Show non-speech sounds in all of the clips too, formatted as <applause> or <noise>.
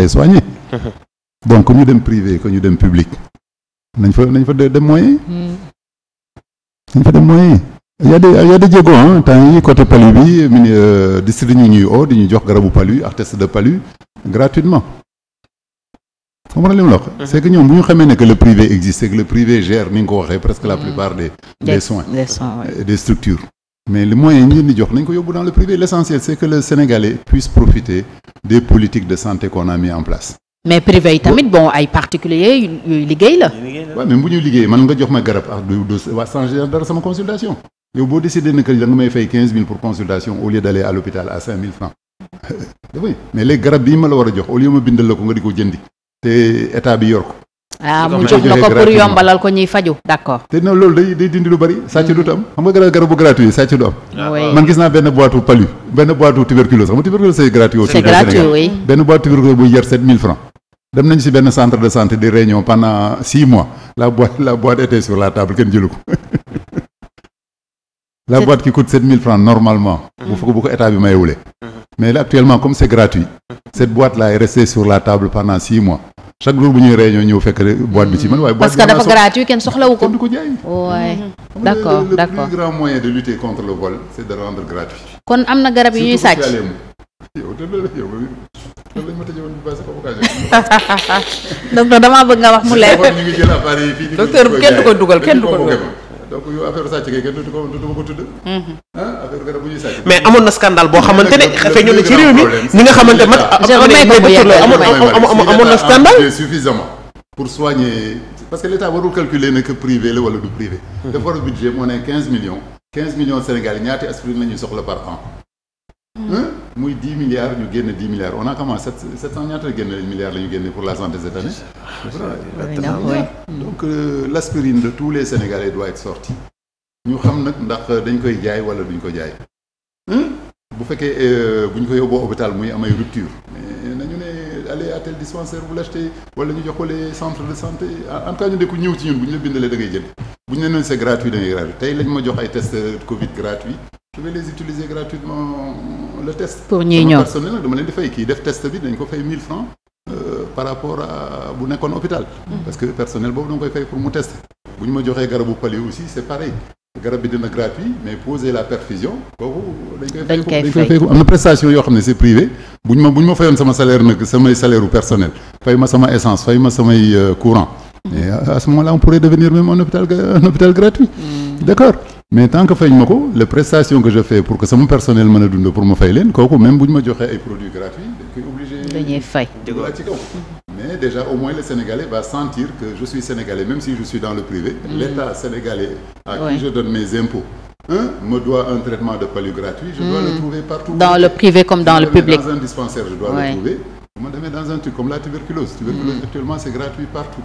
les soigner. donc comme ñu dem privé ko ñu dem public nañ fa nañ fa dem moyen. Hmm. nañ fa dem moyen. y a des y a des jéego ah temps yi côté palu bi mini euh, ñu ñuy oo ñu jox garabu palu ak test de palu gratuitement. comprendre li mu la wax. Hmm. ñoom bu ñu xamee ne le privé existe que le privé gère ni nga ko waxee presque la hmm. plupart des. des soins des soins des structures. mais le moyen yi ngeen di jox nañ ko yóbbu dans le privé l' essentiel c' est que le Sénégalais puisse profiter des politiques de santé qu'on a mis en place. mais privé yi tamit bon ay particuliers yuy liggéey la. waaw même bu ñuy liggéey man nga jox ma garab ah du du waa changer dara sama consultation. yow boo décidé ne que may fay quinze mille pour consultation au lieu d' aller à l'hôpital à cinq mille <laughs> mais léegi garab bii ma la war a jox au lieu ma bindal la ko nga di ko jëndi te état bi yor ah mu jox la ko pour yombalal ko ñuy faju d'accord te non loolu day day dindi lu bari sàcc du tam xam nga garab garabu gratuit yi sàcc du am ah, man gis naa benn boitu palu benn boitu tuberculose xam nga tuberculose c'est gratuit c'est gratuit oui benn boitu tuberculose buy jar 7000 francs dem nañu ci benn centre de santé di réunion pendant six mois la boîte la boîte était sur la table kenn jëlu ko <laughs> la boîte qui coûte 7000 francs normalement mm. bu ko bu ko état bi mayewulee mais là actuellement comme c'est gratuit cette boîte là est sur la table pendant six mois chaque jour bu ñuy réunion ñëw fekk boîte bi ci man waaye. parce que dafa gratuit kenn soxlawu ko. kenn du ko jaay. waay le plus grand moyen kon am na garab yu ñuy sàcc docteur damaa bëgg nga wax mu leer. docteur kenn du ko dugal kenn ko dugal. donc yow affaire sàcc gi kenn dootu ko dootu ko tudd. Mhm. ah affaire garab bu ñuy sàcc. mais amoon na scandale boo xamante ne feeñoon na ci réew mi ñi nga xamante mat. amoon na scandale ah, pour soigner parce que l' état warul calculer ne privé la wala du privé. Mhm. dafa war budget moo ne 15 millions. 15 millions Sénégal ñaati aspirine la soxla par an. muy dix milliards ñu génne dix milliards on a commencé sept cent ñaata génne milliards génne pour la santé cette donc euh, de tous les Sénégalais doit être ñu xam nag ndax dañ koy jaay wala duñ ko jaay. bu fekkee euh, bu ñu ko yóbboo hôpital muy amay rupture. mais nañu ne aller à tel dispensaire vous l'achetez ñu jox ko les centres de santé en tout ñu ne ku ñëw ci ñun bu ñu la bindalee da ngay jënd bu ñu ne noonu c'est gratuit da ngay gratuit tey lañ ma jox le test. pour ñuy ñëw personnel nag dama leen di fay kii def test bi dañ ko fay 1000 francs euh, par rapport bu nekkoon hôpital. Mm-hmm. parce que personnel boobu da nga koy fay pour mu tester. bu ñu ma joxee garabu palio aussi c' est garab bi dina gratuit mais poser la perfusion boobu dañ koy dañ koy am na prestation yoo xam ne c'est privé bu ñu ma bu ñu ma fayoon sama salaire nag samay salaire u personnel fay ma sama essence fay ma samay euh, courant mais à ce moment là on mais tant que fañ ma ko les prestations que je fais pour que sama personnel mën a dund pour ma fay leen kooku même bu ñu ma joxee ay produits gratuits dañ koy obligé. dañuy fay ci kaw. mais déjà au moins le Sénégalais va sentir que je suis sénégalais même si je suis dans le privé. Mmh. l'État sénégalais. à ouais. qui je donne mes impôts. un me doit un traitement de palu gratuit. je dois mmh. le trouver partout. dans le privé comme dans si le public dans un dispensaire je dois ouais. le trouver. bu ma demee dans un truc comme la tuberculose. tuberculose mmh. actuellement c'est gratuit partout.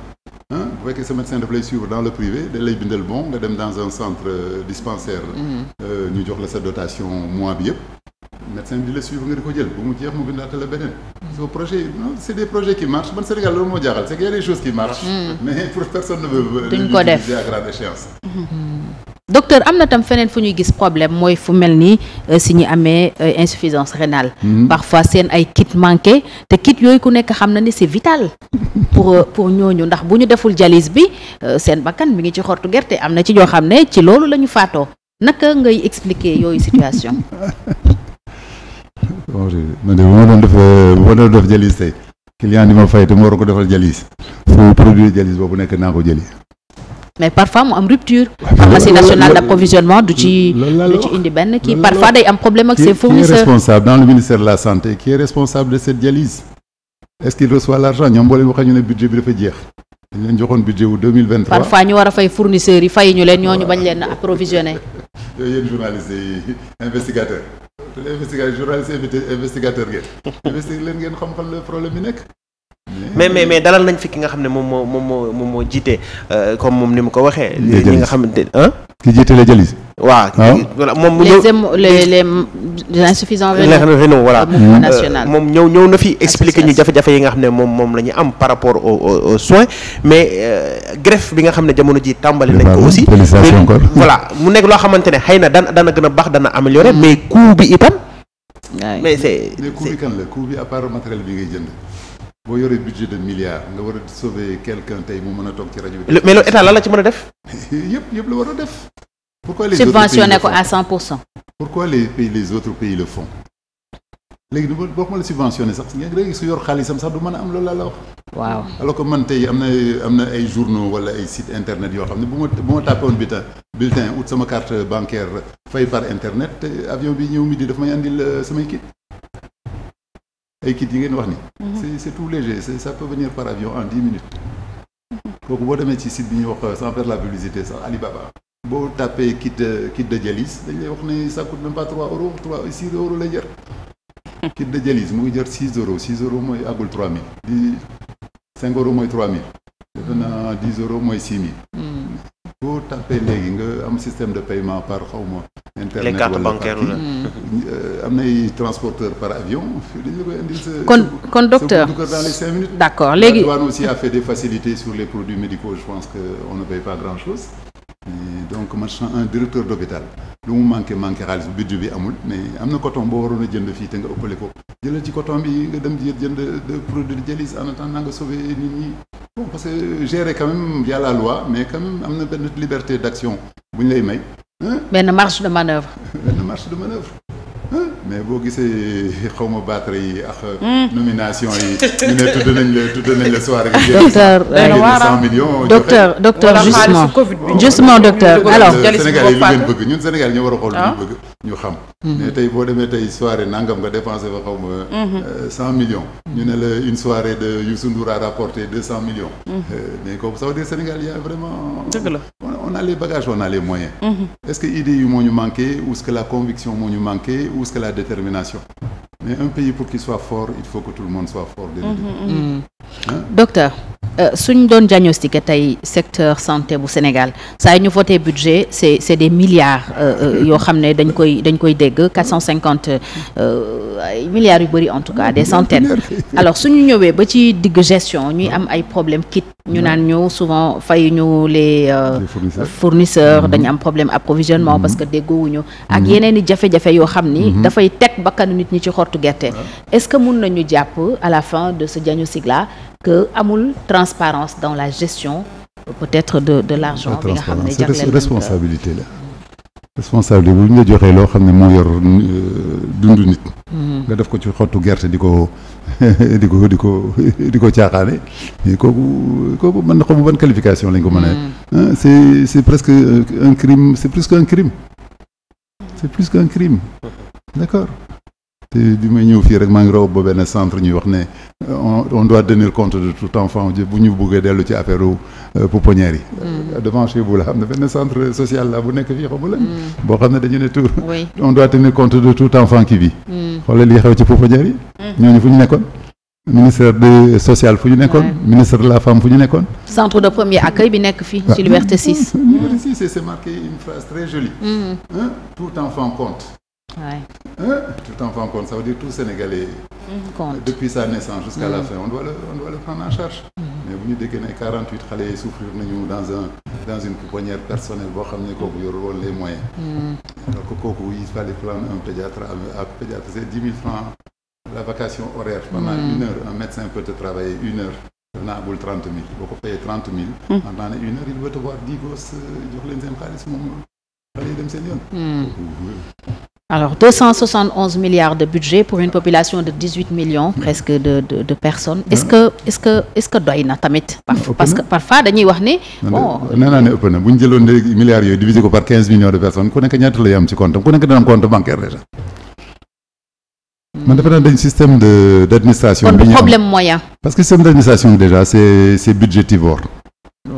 bu fekkee sa médecin daf lay suivre dans le privé da lay bindal bon nga dem dans un centre euh, dispensaire. Mhm. Euh, ñu jox la sa dotation mois bi yëpp. médecin bi di la suivre nga di ko jël bu mu jeex mu bindaata la beneen. so mhm. projet c' est des projets qui marchent Sénégal loolu moo jaaxal c' est que y a des mhm. mais <laughs> pour personne ne veut. duñ ko à grande échéance. docteur am na tam feneen fu ñuy gis problème mooy fu mel nii euh, si ñu amee euh, insuffisance rénale mm-hmm. parfois seen ay kit manqué te kit yooyu ku nekk xam na ni si vital pour euh, pour ñooñu ndax bu ñu deful jalis bi seen bakkan mi ngi ci xortu gerte am na ci ñoo xam ne ci loolu la ñu faatoo naka ngay expliquer yooyu situation man de bu ma doon def bu ma doon def jalis tey client di ma fay te ma war ko defal jalis fu produit jalis boobu nekk naa ko jëli mais parfois mu am rupture pharmacie nationale d'approvisionnement du ci du ci indi benn kii parfois day am problème ak ses fournisseurs dans le ministère de la santé qui est responsable de cette dialyse est-ce qu'il reçoit l'argent ñoom boo leen waxee ñu ne budget bi dafa jeex dañ leen joxoon budget wu parfois ñu war fay fournisseurs yi fay ñu leen ñooñu bañ leen approvisionné <laughs> yooyu yéen journaliste yi investigateur investigateur journaliste investigateur ngeen <laughs> investigateur leen ngeen xam fan la problème bi nekk mais mais mais dalal nañ fi ki nga xam ne moom moo moom moo moom moo jiite euh, comme moom ni mu ko waxee. ñi nga xamante ne ah. ki jiite la jëlis. waaw moom. mu ñëw les les les insuffisants rénaux voilà euh, moom ñëw ñëw na fi expliqué ñu jafejafe yi nga xam ne moom moom la ñu am par rapport au au soin mais euh, greffe bi nga xam ne jamono ji tàmbali nañ ko aussi voilà mu nekk loo xamante ne xëy na dana dana gën a baax dana améliorer mais coût bi itam. mais c'est mais bi kan la coût bi à matériel bi ngay jënd. boo yoree budget de milliard nga war a sauver quelqu'un tey mu mën a toog ci rajo bi. mais loolu la ci a def. <laughs> yëpp yëpp la a def. pourquoi les subventionné ko à 100 pour cent. pourquoi les pays les autres pays le font. boo ko la sax léegi su yor xaalisam sax du mën am loolu laa la wax. waaw alors man tey am na am na ay journaux wala ay site yoo xam ne bu ma bu ma tàppee woon bulletin bulletin ut sama carte bancaire fay par internet avion bi ñëw midi daf may andil euh, samay kit. ay kit yi ngeen wax ni c'est c'est tout léger c'est ça peut venir par avion en dix minutes kooku boo demee ci site bi ñuy wax euh, san faire la publicité sax Alibaba boo tapé kit euh, kit de dialyse dañ lay wax ne ça coûte même pas trois euros trois six euros lay jar kit de dialyse mu ngi jar six euros six euros mooy àggul trois mille di cinq euros mooy trois mille defe naa dix mooy six mille hmm. boo tapé léegi nga am système de paiement par xaw ma internet les cartes bancaires la euh, am nay transporteur par avion. dañu la koy indil sa kon kon docteur dans d'accord léegi la aussi a fait des sur les produits médicaux je pense que on ne paye pas grand donc man un directeur d'hôpital lu mu manqué manqué xaalis budget bi amul mais am na coton boo waroon a jënd fii te nga ëppale ko jëlal ci coton bi nga dem jënd produit de dialyse en tan nga sauver nit ñi bon parce que gérer quand même via la loi mais quand même am na benn liberté d'action bu ñu lay may benn marge de manœuvre. benn marge de manœuvre. mais boo gisee xaw ma battre yi ak. Hmm. nomination yi ñu ne tudd nañ la tudd nañ la soirée. Euh, docteur docteur docteur justement. justement docteur alors Sénégal yi lu ngeen bëgg ñun Sénégal ñoo war a xool lu ñu ah. bëgg. ñu xam. mais tey boo demee tey soirée nangam nga dépensé fa xaw euh, ñu ne la une soirée de Youssou Ndour a deux cent millions. Mm-hmm. Euh, mais kooku ça veut Sénégal y a vraiment. dëgg la on a les on a les mm-hmm. est-ce que idée yi moo ñu manqué ou est-ce que la conviction moo ñu manqué ou est-ce que la détermination. mais un pays pour qu'il soit fort il faut que tout le monde soit fort. Mm-hmm, déedéet. docteur. Euh, suñ doon diagnostiqué tey secteur santé bu Sénégal saa yi ñu voté budget c'est c'est des milliards euh, euh, yoo xam ne dañ koy dañ koy dégg quatre cent cinquante milliards yu bëri en tout cas des centaines <laughs> alors suñu ñëwee ba ci diggu gestion ñuy am ay problème kit ñu naan ñu souvent fayu ñu euh, les fournisseurs mm-hmm. dañu am problème approvisionnement mm-hmm. parce que déggowuñu ak mm-hmm. yeneen i jafe-jafe yoo xam ni dafay teg bakkanu nit ñi ci xottu gerte est-ce que mun nañu jàpp à la fin de ce diagnostic là que amul transparence dans la gestion peut-être de de l'argent bi nga xam ne jagleel responsabilité la responsable bu ñu la joxee loo xam ne moo yor euh, dundu nit. Mm-hmm. nga def ko ci xottu gerte di ko <laughs> di ko di ko <laughs> di ko caaxaane. kooku kooku mën na xamu ban qualification lañ ko mën a. Mm-hmm. c'est c'est presque un crime c'est plus qu'un crime. c'est plus qu'un crime. d'accord. te bi may ñëw fii rek maa ngi raw ba centre ñuy wax ne euh, on doit tenir compte de tout enfant bu ñu bëggee dellu ci affaire euh, pouponnière yi. Mm. devant chez vous la xam ne benn centre social la bu nekk fii xamu la mm. boo xam ne dañu ne tout. <laughs> on doit tenir compte de tout enfant qui vit. Mm. xoolal li xew ci pouponnière yi. ñooñu fu ñu nekkoon. ministère de social fu ñu nekkoon. ministère de la femme fu ñu nekkoon. centre de premier accueil bi nekk fii. Ah. ci Liberté 6. <laughs> Liberté 6 c'est Ouais. Hein? Tout en fin compte, ça veut dire tout Sénégalais. Depuis sa naissance jusqu'à la fin, on doit, le, on doit le prendre en charge. mais bu ñu déggee ne xale yi souffrir nañu dans un dans une pouponnière personnelle boo xam ne kooku yorul woon les moyens. donc kooku il fallait prendre un pédiatre ak pédiatre c'est 10 000 francs la vacation horaire. pendant une heure un médecin peut travailler une heure. naa bul 30 000 boo ko payee 30 000. pendant une heure il va te voir alors deux cent soixante onze milliards de budget pour une population de dix huit millions presque de de de personnes. est ah. que est que est que doy na tamit. Ah, parfois dañuy wax ne. bon nee naa ne ëpp na bu ñu milliards yooyu divisé ko par quinze millions de personnes ku nekk ñaata lay am ci compte ku nekk dana am compte bancaire déjà. man dafa dañ système de d' administration. bi problème moyen. parce que système d' administration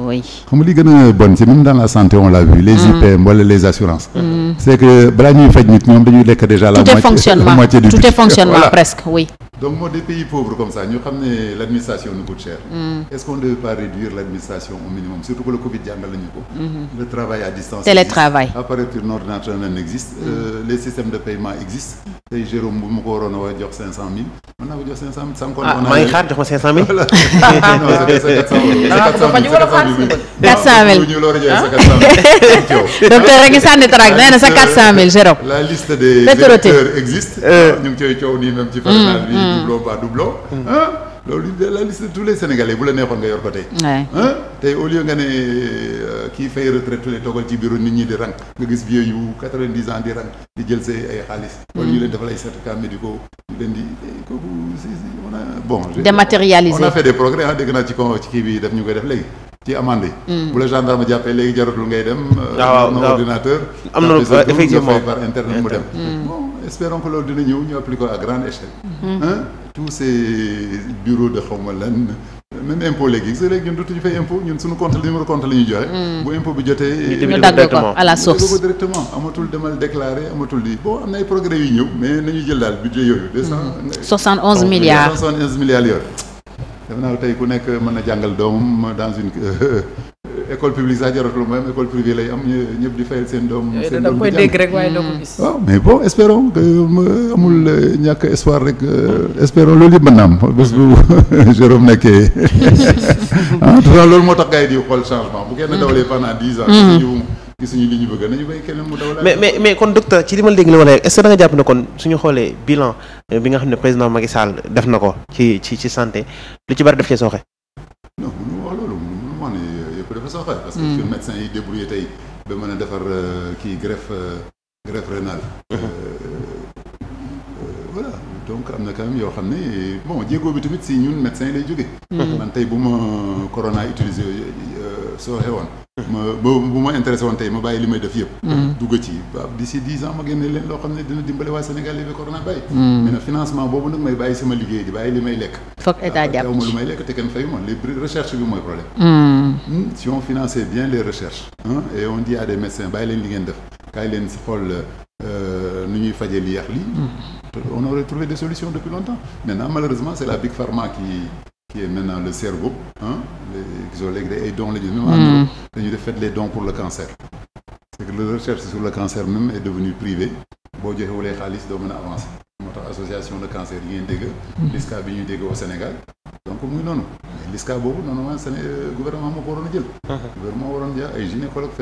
oui. xam li gën a bon c'est même dans la santé on l'a vu. les IPM mm. wala les assurances. Mm. c'est que balaa ñuy faj nit ñoom dañuy lekk déjà. la moitié la moitié tout est fonctionnement presque oui. donc moo pays pauvres comme ça ñu xam l'administration nous coûte cher. Mm. est-ce qu'on devait pas réduire l'administration au minimum surtout que le Covid jàngal nañu ko. Mm-hmm. le travail à distance. télétravail appareil sur ordinateur n'existe. Euh, les systèmes a mën naa ko jox 500000. sànqoon ah maa ngi xaar jox ma 500000. voilà non c'est 400000. ah kon faj wala faj bi 400000 bu ñu loolu joxee sa 400000. docteur rek sànni traag nee na sa 400000 zéro. la liste des électeurs existe. ñu ngi cay coow nii même ci. loolu de la liste de tous les sénégalais bu la neexoon nga yor ko tey. waay tey au lieu nga ne euh, kii fay retraité la toogal ci bureau nit ñi di rang. nga gis vieux yu 90 ans di rang di jël say ay xaalis. wala mm. ñu leen defal ay certificats médicaux ñu leen di kooku si si a bon. dématérialisé a fait des progrès ah dégg naa ci con ci kii bi daf ñu koy def léegi. ci amande yi. Mm. bu la gendarme jàppee léegi jaratul ngay dem. Euh, ah, waaw waaw ordinateur. am na effectivement par internet mu dem. Mm. bon espérons que loolu dina ñëw ñu appliquer à grande tous ces bureaux de xaw ma lan même impôt léegi gis nga léegi ñun dootuñu fay impôt ñun suñu compte numéro compte la ñuy joxe. Hmm. bu impôt bi jotee. ñu eh, dagg ko à la source directement amatul demal déclaré amatul di bon am na ay progrès yu ñëw mais nañu jël daal budget yooyu. deux cent hmm. soixante onze milliards soixante onze milliards yooyu. def naa tey ku nekk mën na jàngal doom dans une. <laughs> école publique sax jaratul même école privée lay am ñëpp di fayal seen doom. seen doom koy dégg rek waaye doo ko gis. waaw mais bon espérons euh, amul euh, ñàkk espoir euh, loolu bu <laughs> Jérôme <laughs> ah, loolu moo tax gars yi di xool changement bu kenn mm. dawalee pendant dix ans. Mm. gisuñu li ñu bëgg nañu béy keneen mais mais mais kon docteur ci li dégg li ma lay nga jàpp ne kon suñu xoolee bilan bi nga xam ne président Macky Sall def na ko ci ci ci santé lu ci bari def cee sooxe. du soo xel parce que mm. médecin yi débrouillé tey ba mën a defar euh, kii greffe euh, greffe rénale <laughs> euh, voilà donc am na quand yoo xam ne bon jéego bi tamit si ñun médecin lay jóge mm. man tey bu ma corona utilisé su waxee woon. ma bu ma intéressé woon tey ma bàyyi li may def yëpp. Mm. dugg ci waaw d'ici dix ans ma génne leen loo xam ne dina dimbale waa Sénégal li fi corona bàyyi. Mm. mais nag financement boobu nag may bàyyi sama liggéey di bàyyi li may lekk. foog état ah, jàpp ma lu may lekk te kenn fayu ma les recherche bi mooy problème. Mm. Hmm, si on finançait bien les recherches. et on dit à des médecins bàyyi leen li ngeen def kaay leen si euh, nu ñuy fajee li yàq lii. on aurait trouvé des qui est maintenant le CERGOP ah soo léegi ay dons hmm. la ñu même en Europe dañu def fait les pour le cancer c'est que la recherche sur le cancer même est devenue privée boo joxewulee xaalis doo mën a avancer moo tax association de cancer yi ngeen dégg hmm. LISCA bi ñuy dégg au Sénégal donc muy noonu mais boobu noonu euh, waa gouvernement moo ko waroon a jël uh-huh. gouvernement waroon jël ay gynécologue